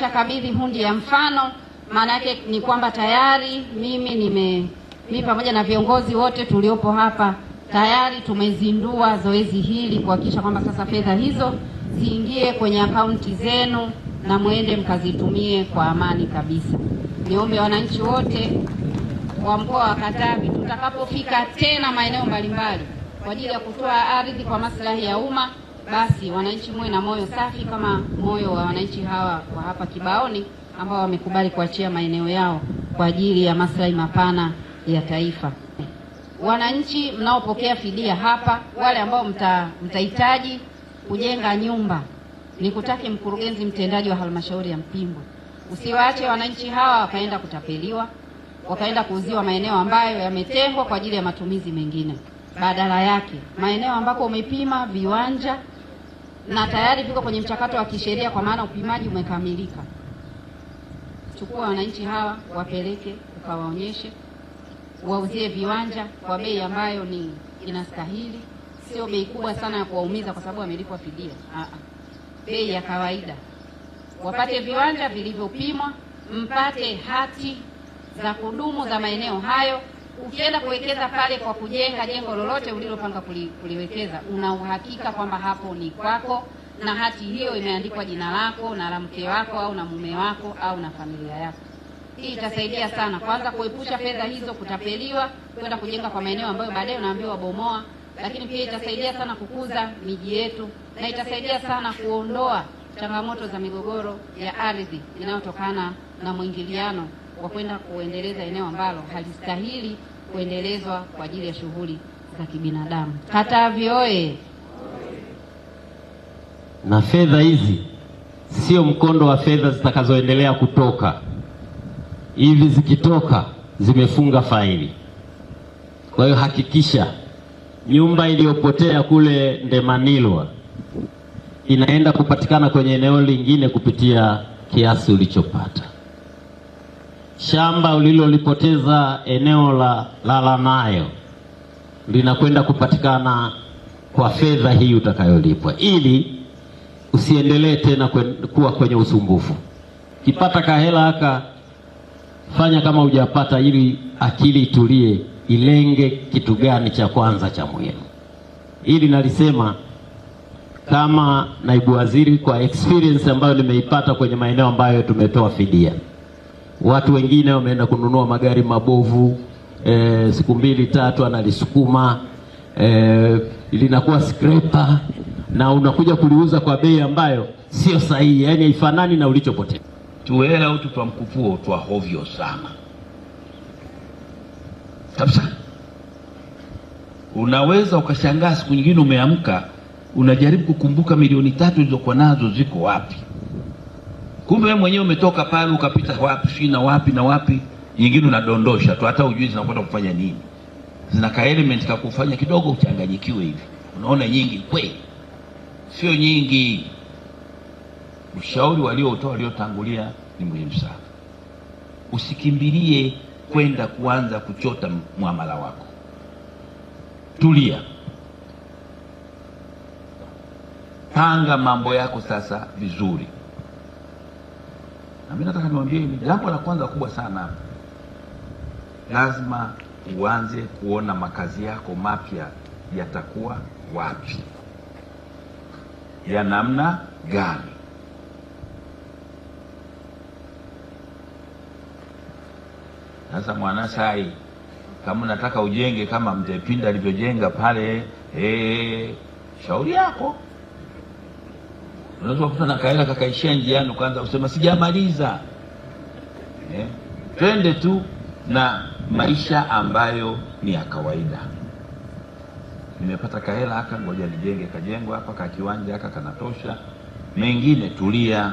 kabidhi hundi ya mfano. Maana yake ni kwamba tayari mimi nime mimi pamoja na viongozi wote tuliopo hapa tayari tumezindua zoezi hili kuhakikisha kwamba sasa fedha hizo ziingie kwenye akaunti zenu na mwende mkazitumie kwa amani kabisa. Niombe wananchi wote wa mkoa wa Katavi, tutakapofika tena maeneo mbalimbali kwa ajili ya kutoa ardhi kwa maslahi ya umma basi wananchi muwe na moyo safi kama moyo wa wananchi hawa wa hapa Kibaoni ambao wamekubali kuachia maeneo yao kwa ajili ya maslahi mapana ya taifa. Wananchi mnaopokea fidia hapa, wale ambao mtahitaji kujenga nyumba, nikutake mkurugenzi mtendaji wa halmashauri ya Mpimbwe, usiwaache wananchi hawa wakaenda kutapeliwa, wakaenda kuuziwa maeneo ambayo yametengwa kwa ajili ya matumizi mengine. Badala yake maeneo ambako umepima viwanja na tayari viko kwenye mchakato wa kisheria, kwa maana upimaji umekamilika. Chukua wananchi hawa, wapeleke ukawaonyeshe, wauzie viwanja kwa bei ambayo ni inastahili, sio bei kubwa sana ya kuwaumiza kwa sababu wamelipwa fidia. Bei ya kawaida, wapate viwanja vilivyopimwa, mpate hati za kudumu za maeneo hayo ukienda kuwekeza pale kwa kujenga jengo lolote ulilopanga kuliwekeza una uhakika kwamba hapo ni kwako, na hati hiyo imeandikwa jina lako na la mke wako au na mume wako au na familia yako. Hii itasaidia sana, kwanza kuepusha fedha hizo kutapeliwa kwenda kujenga kwa maeneo ambayo baadaye unaambiwa bomoa, lakini pia itasaidia sana kukuza miji yetu na itasaidia sana kuondoa changamoto za migogoro ya ardhi inayotokana na mwingiliano wa kwenda kuendeleza eneo ambalo halistahili kuendelezwa kwa ajili ya shughuli za kibinadamu. Katavi oye! Na fedha hizi sio mkondo wa fedha zitakazoendelea kutoka hivi, zikitoka zimefunga faili. Kwa hiyo hakikisha nyumba iliyopotea kule Ndemanilwa inaenda kupatikana kwenye eneo lingine kupitia kiasi ulichopata shamba ulilolipoteza eneo la Lalanayo linakwenda kupatikana kwa fedha hii utakayolipwa, ili usiendelee tena kwen, kuwa kwenye usumbufu. Kipata kahela haka fanya kama hujapata, ili akili itulie, ilenge kitu gani cha kwanza cha muhimu. Ili nalisema kama naibu waziri kwa experience ambayo nimeipata kwenye maeneo ambayo tumetoa fidia. Watu wengine wameenda kununua magari mabovu e, siku mbili tatu analisukuma e, linakuwa skrepa na unakuja kuliuza kwa bei ambayo sio sahihi, yaani haifanani na ulichopotea. tuela utu twa mkupuo twa hovyo sana kabisa. Unaweza ukashangaa siku nyingine umeamka unajaribu kukumbuka milioni tatu zilizokuwa nazo ziko wapi. Kumbe wewe mwenyewe umetoka pale ukapita wapi si na wapi na wapi, nyingine unadondosha tu, hata ujui zinakwenda kufanya nini. Zina ka element ka kufanya kidogo uchanganyikiwe hivi, unaona nyingi kweli, sio nyingi. Ushauri walioutoa waliotangulia ni muhimu sana. Usikimbilie kwenda kuanza kuchota muamala wako, tulia, panga mambo yako sasa vizuri. Na mimi nataka niwaambie jambo la kwanza kubwa sana hapa, lazima uanze kuona makazi yako mapya yatakuwa wapi, ya namna gani. Sasa Mwanasai, kama unataka ujenge kama Mzee Pinda alivyojenga pale, eh, shauri yako. Unaweza kukuta na kaela kakaishia njiani, ukaanza kusema sijamaliza. Eh, twende tu na maisha ambayo ni ya kawaida. Nimepata kahela haka, ngoja nijenge kajengwa hapa, kakiwanja haka kanatosha, mengine tulia.